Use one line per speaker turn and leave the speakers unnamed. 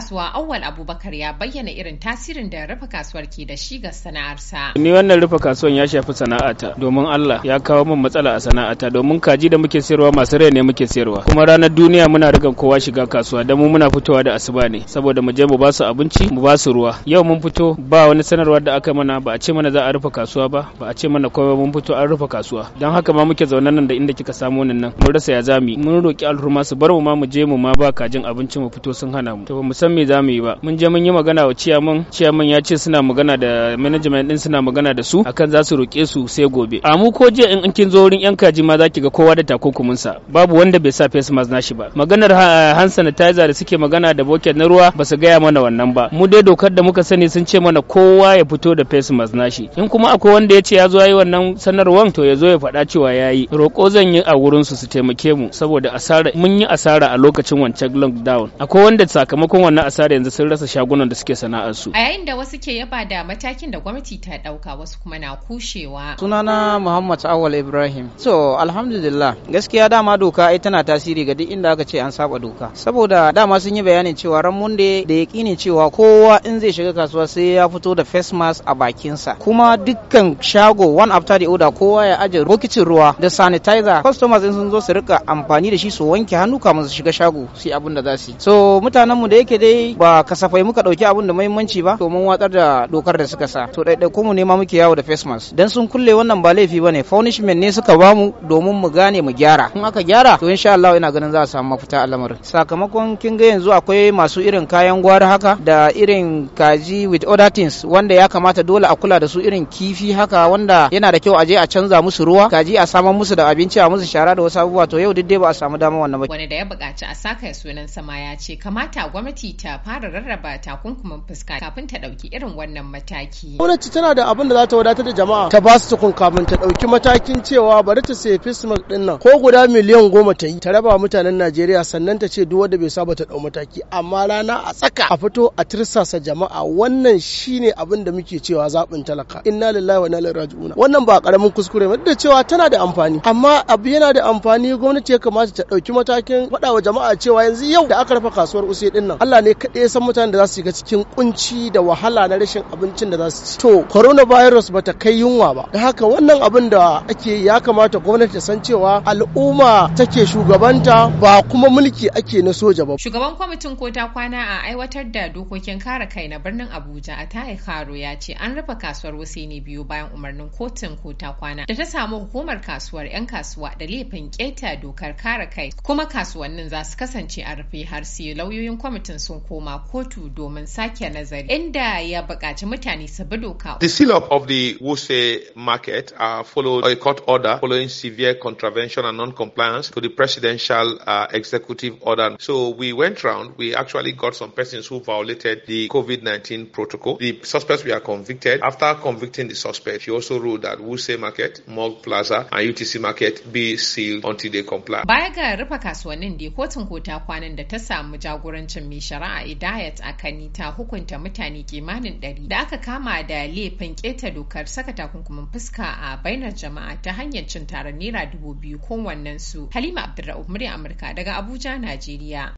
kasuwa Awal Abubakar ya bayyana irin tasirin da rufe kasuwar ke da shi ga sana'arsa.
Ni wannan rufe kasuwar ya shafi sana'ata domin Allah ya kawo min matsala a sana'ata domin kaji da muke sayarwa masu rai ne muke sayarwa. Kuma ranar duniya muna rigan kowa shiga kasuwa da mu muna fitowa da asuba ne saboda mu je mu ba su abinci mu ba su ruwa. Yau mun fito ba wani sanarwar da aka mana ba a ce mana za a rufe kasuwa ba ba a ce mana kowa mun fito an rufe kasuwa. Don haka ma muke zaune nan da inda kika samu nan mun rasa ya zami mun roki alhurma su bar mu ma mu je mu ma ba kajin abinci mu fito sun hana mu. To san me za mu yi ba mun je mun yi magana wa ciyaman ciyaman ya ce suna magana da management din suna magana da su akan za su roke su sai gobe a mu ko je in kin zo wurin yan kaji ma za ki ga kowa da takunkumin sa babu wanda bai sa face mask nashi ba maganar hand sanitizer da suke magana da bucket na ruwa ba su gaya mana wannan ba mu dai dokar da muka sani sun ce mana kowa ya fito da face mask nashi in kuma akwai wanda ya ce ya zo yi wannan sanarwar to ya zo ya faɗa cewa ya yi roƙo zan yi a wurin su su taimake mu saboda asara mun yi asara a lokacin wancan lockdown akwai wanda sakamakon wannan asara yanzu sun rasa shagunan da suke sana'ar su a
yayin da wasu ke yaba da matakin da gwamnati ta dauka wasu kuma na kushewa
sunana muhammad awal ibrahim so alhamdulillah gaskiya dama doka ai tana tasiri ga duk inda aka ce an saba doka saboda dama sun yi bayanin cewa ran munde da yakini cewa kowa in zai shiga kasuwa sai ya fito da face mask a bakinsa kuma dukkan shago one after the other kowa ya aje bokitin ruwa da sanitizer customers in sun zo su rika amfani da shi su wanke hannu kamun su shiga shago sai abin da za su yi so mutanenmu da yake dai ba kasafai muka dauki abun da muhimmanci ba domin watsar da dokar da suka sa to ɗaiɗaiku mu ne ma muke yawo da face mask dan sun kulle wannan ba laifi bane punishment ne suka bamu domin mu gane mu gyara in aka gyara to insha Allah ina ganin za a samu mafita a sakamakon kin ga yanzu akwai masu irin kayan gwari haka da irin kaji with other things wanda ya kamata dole a kula da su irin kifi haka wanda yana da kyau a je a canza musu ruwa kaji a samar musu da abinci a musu shara da wasu abubuwa to yau duk dai ba a samu dama wannan ba wani
da ya buƙaci a saka sunan sama ya ce kamata gwamnati gwamnati ta fara rarraba takunkumin fuska kafin ta ɗauki irin wannan mataki.
Gwamnati tana da abin da za
ta wadatar da jama'a ta ba su tukun kafin ta ɗauki matakin cewa bari ta sayi fismak ɗin nan ko guda miliyan goma ta yi ta raba mutanen Najeriya sannan ta ce duk wanda bai saba ta ɗau mataki amma rana a tsaka a fito a tirsasa jama'a wannan shine abin da muke cewa zaɓin talaka inna lillahi wa inna ilaihi raji'un wannan ba karamin kuskure ba da cewa tana da amfani amma abu yana da amfani gwamnati ya kamata ta ɗauki matakin faɗa wa jama'a cewa yanzu yau da aka rufe kasuwar use ɗin nan Allah ne kaɗai ya san mutanen da za su shiga cikin kunci da wahala na rashin abincin da za su ci. To coronavirus ta kai yunwa ba. Da haka wannan abin da ake ya kamata gwamnati ta san cewa al'umma take shugabanta ba kuma mulki ake na soja ba. Shugaban
kwamitin kota kwana a aiwatar da dokokin kare kai na birnin Abuja a Taye Karo ya ce an rufe kasuwar ne biyu bayan umarnin kotun kota kwana da ta samu hukumar kasuwar 'yan kasuwa da laifin keta dokar kare kai kuma kasuwannin za su kasance a rufe har sai lauyoyin kwamitin sun koma kotu domin sake nazari inda ya bukaci mutane su bi doka. The seal up
of the Wuse market uh, followed a court order following severe contravention and non-compliance to the presidential uh, executive order. So we went round, we actually got some persons who violated the COVID-19 protocol. The suspects were convicted. After convicting the suspect, she also ruled that Wuse market, Mall Plaza and UTC market be sealed until they comply.
Baya ga rufe kasuwannin da kotun kota kwanan da ta samu jagorancin Misha shari'a Idayat a kani ta hukunta mutane kimanin ɗari da aka kama da laifin keta dokar saka takunkumin fuska a bainar jama'a ta hanyar cin taron naira dubu biyu kowannensu. Halima Abdulra'uf murya Amurka daga Abuja, Najeriya.